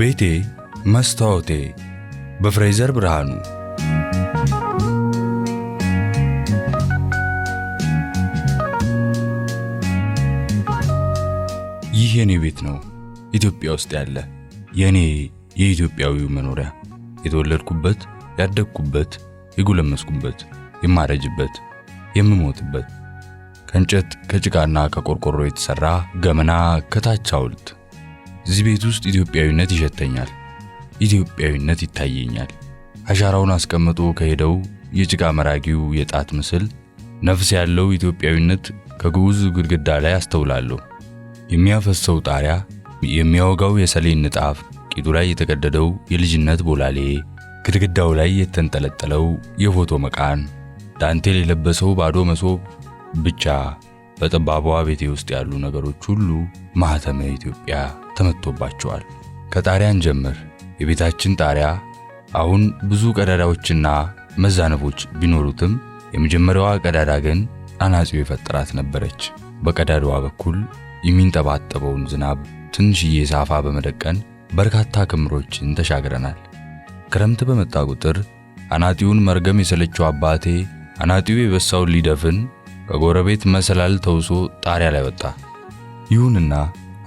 ቤቴ መስታወቴ በፍሬዘር ብርሃኑ ይህ የኔ ቤት ነው ኢትዮጵያ ውስጥ ያለ የኔ የኢትዮጵያዊው መኖሪያ የተወለድኩበት ያደግኩበት የጎለመስኩበት የማረጅበት የምሞትበት ከእንጨት ከጭቃና ከቆርቆሮ የተሰራ ገመና ከታች አውልት። እዚህ ቤት ውስጥ ኢትዮጵያዊነት ይሸተኛል፣ ኢትዮጵያዊነት ይታየኛል። አሻራውን አስቀምጦ ከሄደው የጭቃ መራጊው የጣት ምስል ነፍስ ያለው ኢትዮጵያዊነት ከግዑዝ ግድግዳ ላይ አስተውላለሁ። የሚያፈሰው ጣሪያ፣ የሚያወጋው የሰሌን ንጣፍ፣ ቂጡ ላይ የተቀደደው የልጅነት ቦላሌ፣ ግድግዳው ላይ የተንጠለጠለው የፎቶ መቃን፣ ዳንቴል የለበሰው ባዶ መሶብ፣ ብቻ በጠባቧ ቤቴ ውስጥ ያሉ ነገሮች ሁሉ ማህተመ ኢትዮጵያ ተመቶባቸዋል። ከጣሪያን ጀምር። የቤታችን ጣሪያ አሁን ብዙ ቀዳዳዎችና መዛነፎች ቢኖሩትም የመጀመሪያዋ ቀዳዳ ግን አናጺው የፈጠራት ነበረች። በቀዳዳዋ በኩል የሚንጠባጠበውን ዝናብ ትንሽዬ ሳፋ በመደቀን በርካታ ክምሮችን ተሻግረናል። ክረምት በመጣ ቁጥር አናጢውን መርገም የሰለቸው አባቴ አናጢው የበሳውን ሊደፍን ከጎረቤት መሰላል ተውሶ ጣሪያ ላይ ወጣ። ይሁንና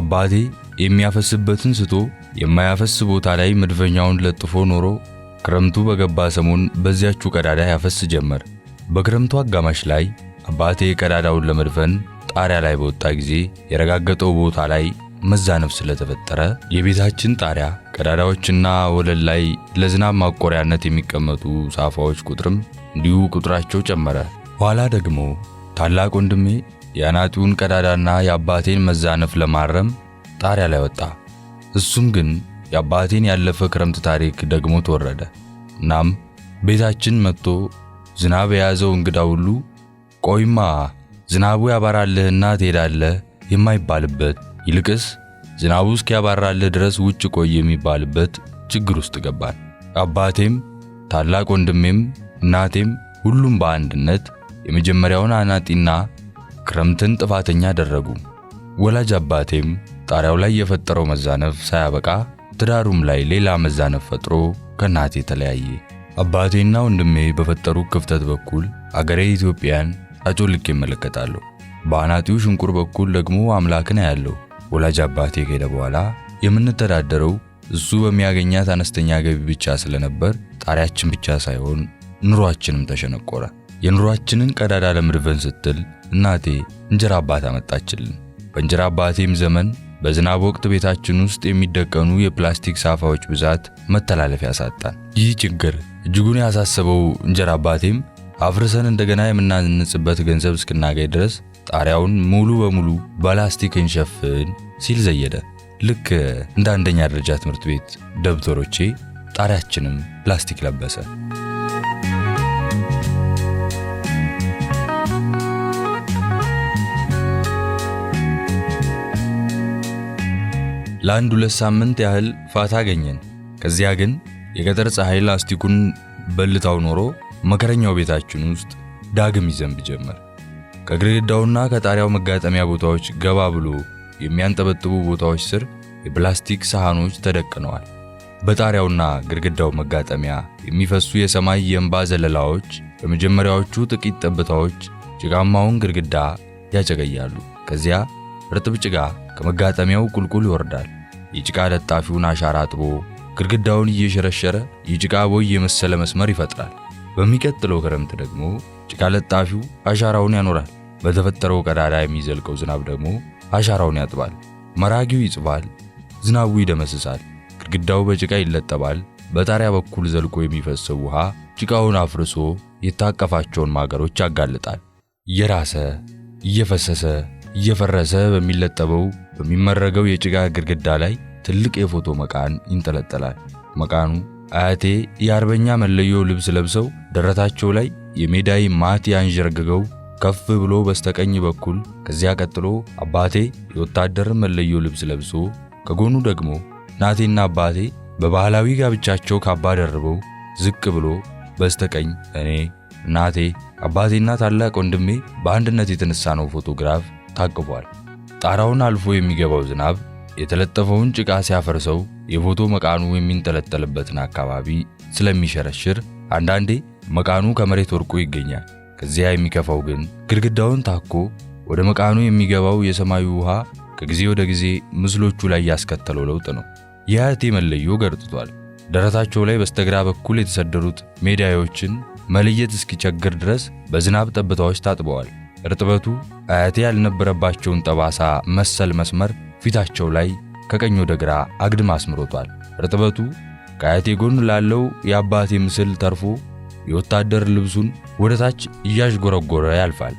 አባቴ የሚያፈስበትን ስቶ የማያፈስ ቦታ ላይ መድፈኛውን ለጥፎ ኖሮ ክረምቱ በገባ ሰሞን በዚያችው ቀዳዳ ያፈስ ጀመር። በክረምቱ አጋማሽ ላይ አባቴ ቀዳዳውን ለመድፈን ጣሪያ ላይ በወጣ ጊዜ የረጋገጠው ቦታ ላይ መዛነፍ ስለተፈጠረ የቤታችን ጣሪያ፣ ቀዳዳዎችና ወለል ላይ ለዝናብ ማቆሪያነት የሚቀመጡ ሳፋዎች ቁጥርም እንዲሁ ቁጥራቸው ጨመረ። ኋላ ደግሞ ታላቅ ወንድሜ የአናጢውን ቀዳዳና የአባቴን መዛነፍ ለማረም ጣሪያ ላይ ወጣ። እሱም ግን የአባቴን ያለፈ ክረምት ታሪክ ደግሞ ተወረደ። እናም ቤታችን መጥቶ ዝናብ የያዘው እንግዳ ሁሉ ቆይማ ዝናቡ ያባራልህና ትሄዳለህ የማይባልበት ይልቅስ ዝናቡ እስኪያባራልህ ድረስ ውጭ ቆይ የሚባልበት ችግር ውስጥ ገባን። አባቴም ታላቅ ወንድሜም እናቴም ሁሉም በአንድነት የመጀመሪያውን አናጢና ክረምትን ጥፋተኛ አደረጉ። ወላጅ አባቴም ጣሪያው ላይ የፈጠረው መዛነፍ ሳያበቃ ትዳሩም ላይ ሌላ መዛነፍ ፈጥሮ ከእናቴ ተለያየ። አባቴና ወንድሜ በፈጠሩ ክፍተት በኩል አገሬ ኢትዮጵያን ልክ እመለከታለሁ። በአናጢው ሽንቁር በኩል ደግሞ አምላክን አያለሁ። ወላጅ አባቴ ከሄደ በኋላ የምንተዳደረው እሱ በሚያገኛት አነስተኛ ገቢ ብቻ ስለነበር ጣሪያችን ብቻ ሳይሆን ኑሯችንም ተሸነቆረ። የኑሯችንን ቀዳዳ ለመድፈን ስትል እናቴ እንጀራ አባት አመጣችልን። በእንጀራ አባቴም ዘመን በዝናብ ወቅት ቤታችን ውስጥ የሚደቀኑ የፕላስቲክ ሳፋዎች ብዛት መተላለፍ ያሳጣን። ይህ ችግር እጅጉን ያሳሰበው እንጀራ አባቴም አፍርሰን እንደገና የምናንጽበት ገንዘብ እስክናገኝ ድረስ ጣሪያውን ሙሉ በሙሉ በላስቲክ እንሸፍን ሲል ዘየደ። ልክ እንደ አንደኛ ደረጃ ትምህርት ቤት ደብተሮቼ ጣሪያችንም ፕላስቲክ ለበሰ። ለአንድ ሁለት ሳምንት ያህል ፋታ አገኘን። ከዚያ ግን የገጠር ፀሐይ ላስቲኩን በልታው ኖሮ መከረኛው ቤታችን ውስጥ ዳግም ይዘንብ ጀመር። ከግድግዳውና ከጣሪያው መጋጠሚያ ቦታዎች ገባ ብሎ የሚያንጠበጥቡ ቦታዎች ስር የፕላስቲክ ሰሃኖች ተደቅነዋል። በጣሪያውና ግድግዳው መጋጠሚያ የሚፈሱ የሰማይ የእንባ ዘለላዎች በመጀመሪያዎቹ ጥቂት ጠብታዎች ጭቃማውን ግድግዳ ያጨቀያሉ። ከዚያ እርጥብ ጭቃ ከመጋጠሚያው ቁልቁል ይወርዳል። የጭቃ ለጣፊውን አሻራ አጥቦ ግድግዳውን እየሸረሸረ የጭቃ ቦይ የመሰለ መስመር ይፈጥራል። በሚቀጥለው ክረምት ደግሞ ጭቃ ለጣፊው አሻራውን ያኖራል። በተፈጠረው ቀዳዳ የሚዘልቀው ዝናብ ደግሞ አሻራውን ያጥባል። መራጊው ይጽፋል፣ ዝናቡ ይደመስሳል፣ ግድግዳው በጭቃ ይለጠባል። በጣሪያ በኩል ዘልቆ የሚፈሰው ውሃ ጭቃውን አፍርሶ የታቀፋቸውን ማገሮች ያጋልጣል። እየራሰ እየፈሰሰ እየፈረሰ በሚለጠበው በሚመረገው የጭቃ ግድግዳ ላይ ትልቅ የፎቶ መቃን ይንጠለጠላል። መቃኑ አያቴ የአርበኛ መለዮ ልብስ ለብሰው ደረታቸው ላይ የሜዳይ ማት ያንዠረገገው ከፍ ብሎ በስተቀኝ በኩል ከዚያ ቀጥሎ አባቴ የወታደር መለዮ ልብስ ለብሶ ከጎኑ ደግሞ እናቴና አባቴ በባህላዊ ጋብቻቸው ካባ ደርበው ዝቅ ብሎ በስተቀኝ እኔ፣ እናቴ፣ አባቴና ታላቅ ወንድሜ በአንድነት የተነሳ ነው ፎቶግራፍ ታቅፏል። ጣራውን አልፎ የሚገባው ዝናብ የተለጠፈውን ጭቃ ሲያፈርሰው የፎቶ መቃኑ የሚንጠለጠልበትን አካባቢ ስለሚሸረሽር አንዳንዴ መቃኑ ከመሬት ወርቆ ይገኛል። ከዚያ የሚከፋው ግን ግድግዳውን ታኮ ወደ መቃኑ የሚገባው የሰማዩ ውሃ ከጊዜ ወደ ጊዜ ምስሎቹ ላይ ያስከተለው ለውጥ ነው። የአያቴ መለዮ ገርጥቷል። ደረታቸው ላይ በስተግራ በኩል የተሰደሩት ሜዳዮችን መለየት እስኪቸግር ድረስ በዝናብ ጠብታዎች ታጥበዋል። እርጥበቱ አያቴ ያልነበረባቸውን ጠባሳ መሰል መስመር ፊታቸው ላይ ከቀኝ ወደ ግራ አግድም አስምሮቷል። ርጥበቱ ከአያቴ ጎን ላለው የአባቴ ምስል ተርፎ የወታደር ልብሱን ወደ ታች እያዥጎረጎረ ያልፋል።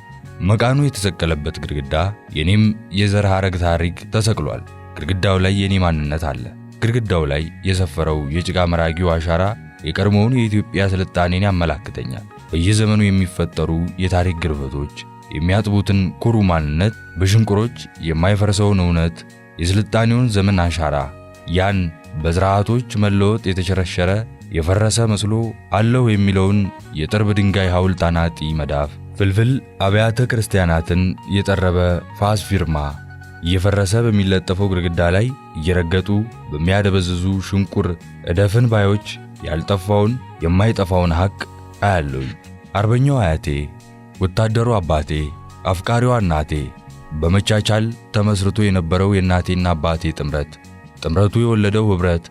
መቃኑ የተሰቀለበት ግድግዳ የኔም የዘር ሐረግ ታሪክ ተሰቅሏል። ግድግዳው ላይ የኔ ማንነት አለ። ግድግዳው ላይ የሰፈረው የጭቃ መራጊው አሻራ የቀድሞውን የኢትዮጵያ ስልጣኔን ያመላክተኛል። በየዘመኑ የሚፈጠሩ የታሪክ ግርበቶች የሚያጥቡትን ኩሩ ማንነት፣ በሽንቁሮች የማይፈርሰውን እውነት፣ የስልጣኔውን ዘመን አሻራ ያን በስርዓቶች መለወጥ የተሸረሸረ የፈረሰ መስሎ አለሁ የሚለውን የጥርብ ድንጋይ ሐውልት አናጢ መዳፍ ፍልፍል አብያተ ክርስቲያናትን የጠረበ ፋስ ፊርማ እየፈረሰ በሚለጠፈው ግድግዳ ላይ እየረገጡ በሚያደበዝዙ ሽንቁር እደፍን ባዮች ያልጠፋውን የማይጠፋውን ሐቅ አያለሁ። አርበኛው አያቴ ወታደሩ አባቴ፣ አፍቃሪዋ እናቴ፣ በመቻቻል ተመስርቶ የነበረው የእናቴና አባቴ ጥምረት፣ ጥምረቱ የወለደው ኅብረት፣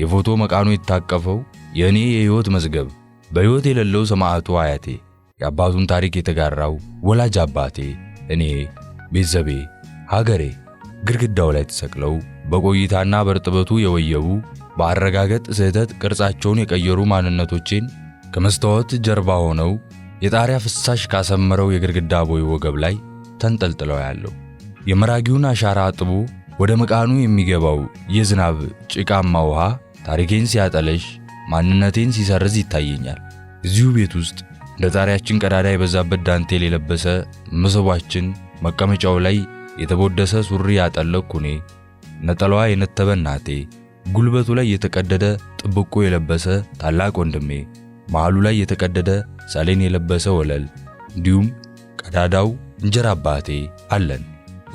የፎቶ መቃኑ የታቀፈው የእኔ የሕይወት መዝገብ፣ በሕይወት የሌለው ሰማዕቱ አያቴ፣ የአባቱን ታሪክ የተጋራው ወላጅ አባቴ፣ እኔ፣ ቤተሰቤ፣ ሀገሬ፣ ግድግዳው ላይ ተሰቅለው በቆይታና በርጥበቱ የወየቡ በአረጋገጥ ስህተት ቅርጻቸውን የቀየሩ ማንነቶቼን ከመስታወት ጀርባ ሆነው የጣሪያ ፍሳሽ ካሰመረው የግድግዳ ቦይ ወገብ ላይ ተንጠልጥለው ያለው የመራጊውን አሻራ አጥቦ ወደ መቃኑ የሚገባው የዝናብ ጭቃማ ውሃ ታሪኬን ሲያጠለሽ ማንነቴን ሲሰርዝ ይታየኛል። እዚሁ ቤት ውስጥ እንደ ጣሪያችን ቀዳዳ የበዛበት ዳንቴል የለበሰ መሰቧችን መቀመጫው ላይ የተቦደሰ ሱሪ ያጠለቅኩ እኔ፣ ነጠላዋ የነተበ እናቴ፣ ጉልበቱ ላይ የተቀደደ ጥብቆ የለበሰ ታላቅ ወንድሜ መሃሉ ላይ የተቀደደ ሰሌን የለበሰ ወለል እንዲሁም ቀዳዳው እንጀራ አባቴ አለን።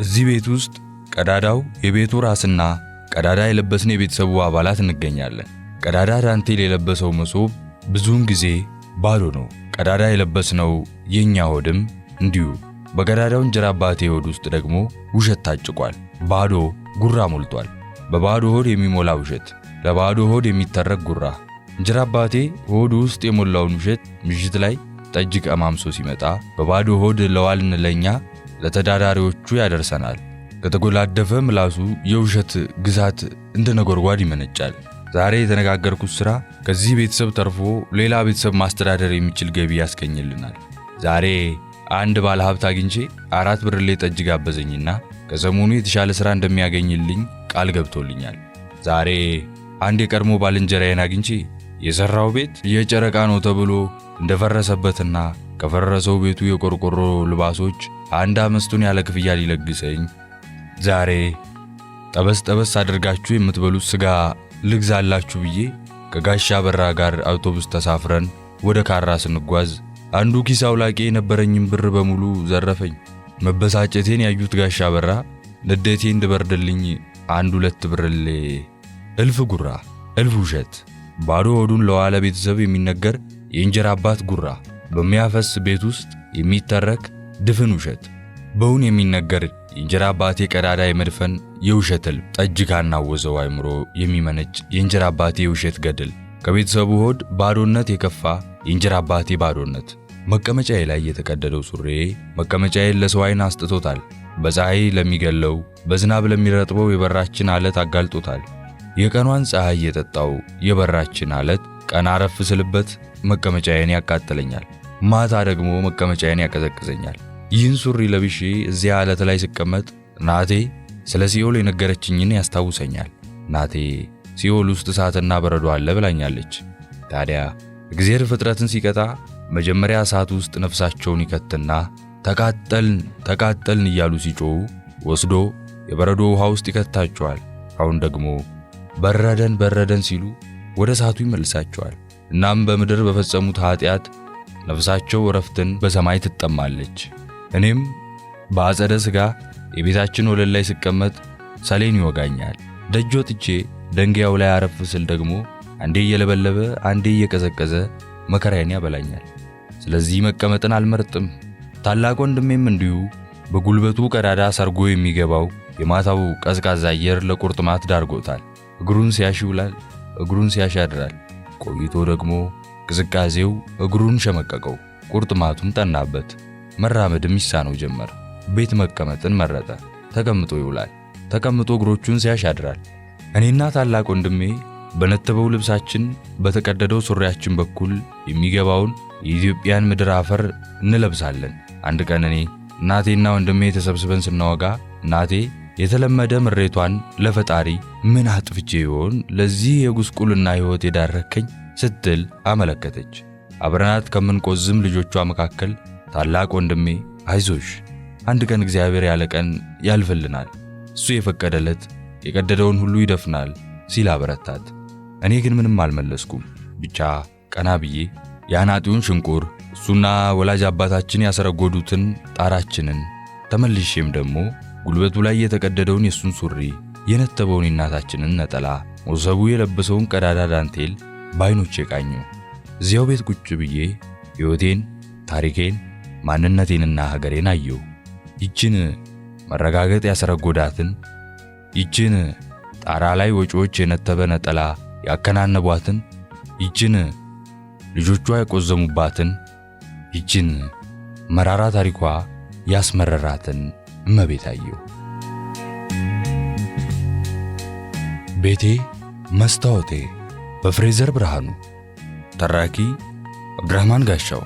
እዚህ ቤት ውስጥ ቀዳዳው የቤቱ ራስና ቀዳዳ የለበስን የቤተሰቡ አባላት እንገኛለን። ቀዳዳ ዳንቴል የለበሰው መሶብ ብዙውን ጊዜ ባዶ ነው። ቀዳዳ የለበስነው የእኛ ሆድም እንዲሁ። በቀዳዳው እንጀራ አባቴ ሆድ ውስጥ ደግሞ ውሸት ታጭቋል። ባዶ ጉራ ሞልቷል። በባዶ ሆድ የሚሞላ ውሸት፣ ለባዶ ሆድ የሚተረክ ጉራ እንጀራ አባቴ ሆድ ውስጥ የሞላውን ውሸት ምሽት ላይ ጠጅ ቀማምሶ ሲመጣ በባዶ ሆድ ለዋልን ለእኛ ለተዳዳሪዎቹ ያደርሰናል። ከተጎላደፈ ምላሱ የውሸት ግዛት እንደ ነጎድጓድ ይመነጫል። ዛሬ የተነጋገርኩት ሥራ ከዚህ ቤተሰብ ተርፎ ሌላ ቤተሰብ ማስተዳደር የሚችል ገቢ ያስገኝልናል። ዛሬ አንድ ባለ ሀብት አግኝቼ አራት ብርሌ ጠጅ ጋበዘኝና ከሰሞኑ የተሻለ ሥራ እንደሚያገኝልኝ ቃል ገብቶልኛል። ዛሬ አንድ የቀድሞ ባልንጀራዬን አግኝቼ የሰራው ቤት የጨረቃ ነው ተብሎ እንደፈረሰበትና ከፈረሰው ቤቱ የቆርቆሮ ልባሶች አንድ አምስቱን ያለ ክፍያ ሊለግሰኝ ዛሬ ጠበስ ጠበስ አድርጋችሁ የምትበሉት ስጋ ልግዛላችሁ ብዬ ከጋሻ በራ ጋር አውቶቡስ ተሳፍረን ወደ ካራ ስንጓዝ አንዱ ኪስ አውላቂ የነበረኝን ብር በሙሉ ዘረፈኝ። መበሳጨቴን ያዩት ጋሻ በራ ንዴቴ እንድበርድልኝ አንድ ሁለት ብርሌ እልፍ ጉራ እልፍ ውሸት ባዶ ሆዱን ለዋለ ቤተሰብ የሚነገር የእንጀራ አባት ጉራ፣ በሚያፈስ ቤት ውስጥ የሚተረክ ድፍን ውሸት፣ በውን የሚነገር የእንጀራ አባቴ ቀዳዳ የመድፈን የውሸት ህልም፣ ጠጅ ካናወዘው አይምሮ የሚመነጭ የእንጀራ አባቴ የውሸት ገድል፣ ከቤተሰቡ ሆድ ባዶነት የከፋ የእንጀራ አባቴ ባዶነት። መቀመጫዬ ላይ የተቀደደው ሱሬ መቀመጫዬን ለሰው ዓይን አስጥቶታል። በፀሐይ ለሚገለው በዝናብ ለሚረጥበው የበራችን አለት አጋልጦታል። የቀኗን ፀሐይ የጠጣው የበራችን አለት ቀን አረፍ ስልበት መቀመጫዬን ያቃጥለኛል፣ ማታ ደግሞ መቀመጫዬን ያቀዘቅዘኛል። ይህን ሱሪ ለብሼ እዚያ አለት ላይ ስቀመጥ ናቴ ስለ ሲኦል የነገረችኝን ያስታውሰኛል። ናቴ ሲኦል ውስጥ እሳትና በረዶ አለ ብላኛለች። ታዲያ እግዚአብሔር ፍጥረትን ሲቀጣ መጀመሪያ እሳት ውስጥ ነፍሳቸውን ይከትና ተቃጠልን ተቃጠልን እያሉ ሲጮሁ ወስዶ የበረዶ ውሃ ውስጥ ይከታቸዋል። አሁን ደግሞ በረደን በረደን ሲሉ ወደ እሳቱ ይመልሳቸዋል። እናም በምድር በፈጸሙት ኃጢአት ነፍሳቸው እረፍትን በሰማይ ትጠማለች። እኔም በአጸደ ሥጋ የቤታችን ወለል ላይ ስቀመጥ ሰሌን ይወጋኛል። ደጅ ወጥቼ ደንጊያው ላይ አረፍ ስል ደግሞ አንዴ እየለበለበ አንዴ እየቀዘቀዘ መከራዬን ያበላኛል። ስለዚህ መቀመጥን አልመርጥም። ታላቅ ወንድሜም እንዲሁ በጉልበቱ ቀዳዳ ሰርጎ የሚገባው የማታው ቀዝቃዛ አየር ለቁርጥማት ዳርጎታል። እግሩን ሲያሽ ይውላል፣ እግሩን ሲያሽ ያድራል። ቆይቶ ደግሞ ቅዝቃዜው እግሩን ሸመቀቀው፣ ቁርጥማቱም ጠናበት። መራመድም ይሳነው ጀመር። ቤት መቀመጥን መረጠ። ተቀምጦ ይውላል፣ ተቀምጦ እግሮቹን ሲያሽ ያድራል። እኔና ታላቅ ወንድሜ በነተበው ልብሳችን በተቀደደው ሱሪያችን በኩል የሚገባውን የኢትዮጵያን ምድር አፈር እንለብሳለን። አንድ ቀን እኔ እናቴና ወንድሜ ተሰብስበን ስናወጋ እናቴ የተለመደ ምሬቷን ለፈጣሪ ምን አጥፍቼ ይሆን ለዚህ የጉስቁልና ሕይወት የዳረከኝ ስትል አመለከተች። አብረናት ከምንቆዝም ልጆቿ መካከል ታላቅ ወንድሜ አይዞሽ፣ አንድ ቀን እግዚአብሔር ያለ ቀን ያልፍልናል፣ እሱ የፈቀደለት የቀደደውን ሁሉ ይደፍናል ሲል አበረታት። እኔ ግን ምንም አልመለስኩም። ብቻ ቀና ብዬ የአናጢውን ሽንቁር እሱና ወላጅ አባታችን ያስረጎዱትን ጣራችንን ተመልሼም ደግሞ ጉልበቱ ላይ የተቀደደውን የእሱን ሱሪ፣ የነተበውን የእናታችንን ነጠላ፣ ወሰቡ የለበሰውን ቀዳዳ ዳንቴል በዓይኖቼ ቃኙ። እዚያው ቤት ቁጭ ብዬ ሕይወቴን፣ ታሪኬን፣ ማንነቴንና ሀገሬን አየሁ። ይችን መረጋገጥ ያስረጎዳትን፣ ይችን ጣራ ላይ ወጪዎች የነተበ ነጠላ ያከናነቧትን፣ ይችን ልጆቿ የቆዘሙባትን፣ ይችን መራራ ታሪኳ ያስመረራትን እመቤታየሁ ቤቴ መስታወቴ በፍሬዘር ብርሃኑ ተራኪ አብድራህማን ጋሻው